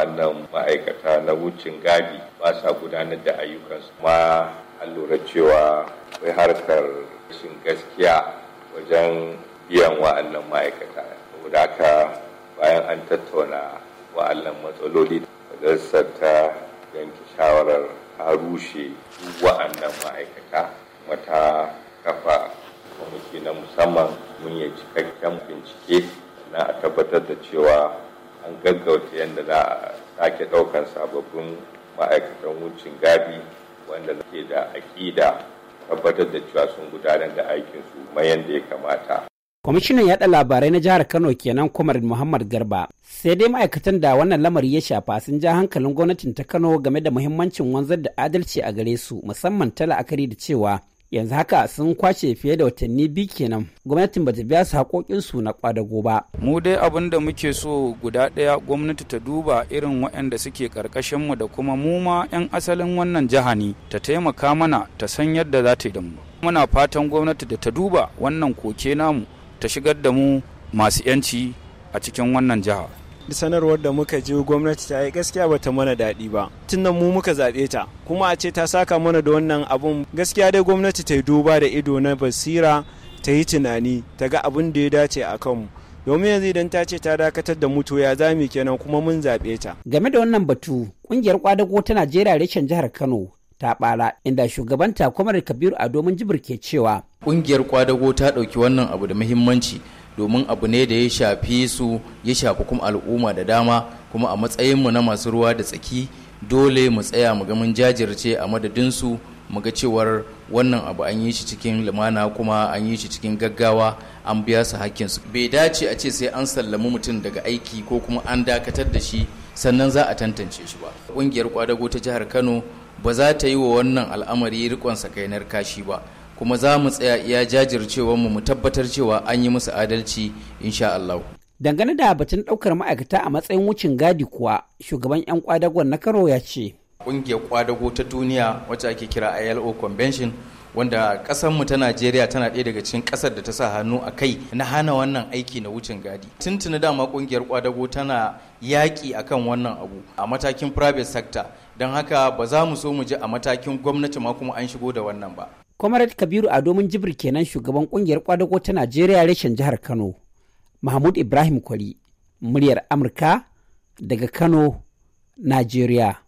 wa'annan ma'aikata na wucin gadi ba sa gudanar da ayyukansu ma an lura cewa wai harkar rashin gaskiya wajen biyan wa'annan ma'aikata saboda haka bayan an tattauna wa'annan matsaloli majalisar ta yanke shawarar ta rushe wa'annan ma'aikata kuma kafa kwamiti na musamman mun yi cikakken bincike na a tabbatar da cewa an gaggauta yadda za a sake ɗaukan sababbin ma'aikatan wucin gabi wanda ke da aƙida tabbatar da cewa sun gudanar da aikinsu mayan da ya kamata. Kwamishinan yaɗa labarai na jihar Kano kenan Kumar Muhammad Garba. Sai dai ma'aikatan da wannan lamari ya shafa sun ja hankalin gwamnatin ta Kano game da muhimmancin wanzar da adalci a gare su musamman ta la'akari da cewa yanzu haka sun kwace fiye da watanni biyu kenan gwamnatin bata biya su su na kwadago ba. mu dai abin da muke so guda ɗaya gwamnati ta duba irin waɗanda suke ƙarƙashin mu da kuma mu ma 'yan asalin wannan jiha ne ta taimaka mana ta san yadda za ta yi da mu muna fatan gwamnati da ta duba wannan koke namu ta shigar da mu masu 'yanci a cikin wannan jiha sanarwar da muka ji gwamnati ta yi gaskiya bata mana daɗi ba tun nan mu muka zaɓe ta kuma a ce ta saka mana da wannan abun gaskiya dai gwamnati ta yi duba da ido na basira ta yi tunani ta ga abin da ya dace a kanmu domin yanzu idan ta ce ta dakatar da to ya zami kenan kuma mun zaɓe ta. game da wannan batu ƙungiyar kwadago ta najeriya reshen jihar kano ta bara inda shugabanta kwamar kabiru a domin jibir ke cewa ƙungiyar kwadago ta ɗauki wannan abu da muhimmanci domin abu ne da ya shafi su ya shafi kuma al'umma da dama kuma a matsayinmu na masu ruwa da tsaki dole mu tsaya mu ga mun jajirce a madadinsu mu ga cewar wannan abu an yi shi cikin lumana kuma an yi shi cikin gaggawa an biya su hakkinsu bai dace a ce sai an sallami mutum daga aiki ko kuma an dakatar da shi sannan za a tantance shi ba ƙungiyar kwadago ta jihar kano ba za ta yi wa wannan al'amari rikon sakainar kashi ba kuma za mu tsaya iya jajircewa mu tabbatar cewa an yi musu adalci insha Allah. Dangane da batun ɗaukar ma'aikata a matsayin wucin gadi kuwa shugaban 'yan kwadagon na Karo ya ce. Ƙungiyar kwadago ta duniya wacce ake kira ILO Convention wanda mu ta najeriya tana ɗaya daga cikin ƙasar da ta sa hannu a kai na hana wannan aiki na wucin gadi tuntuni dama ƙungiyar kwadago tana yaƙi akan wannan abu a matakin private sector don haka ba za mu so mu ji a matakin gwamnati ma kuma an shigo da wannan ba Comrade Kabiru Adomin Jibir kenan shugaban kungiyar kwadago ta Najeriya reshen jihar Kano. Mahmud Ibrahim Kwari, muryar Amurka daga Kano, Najeriya.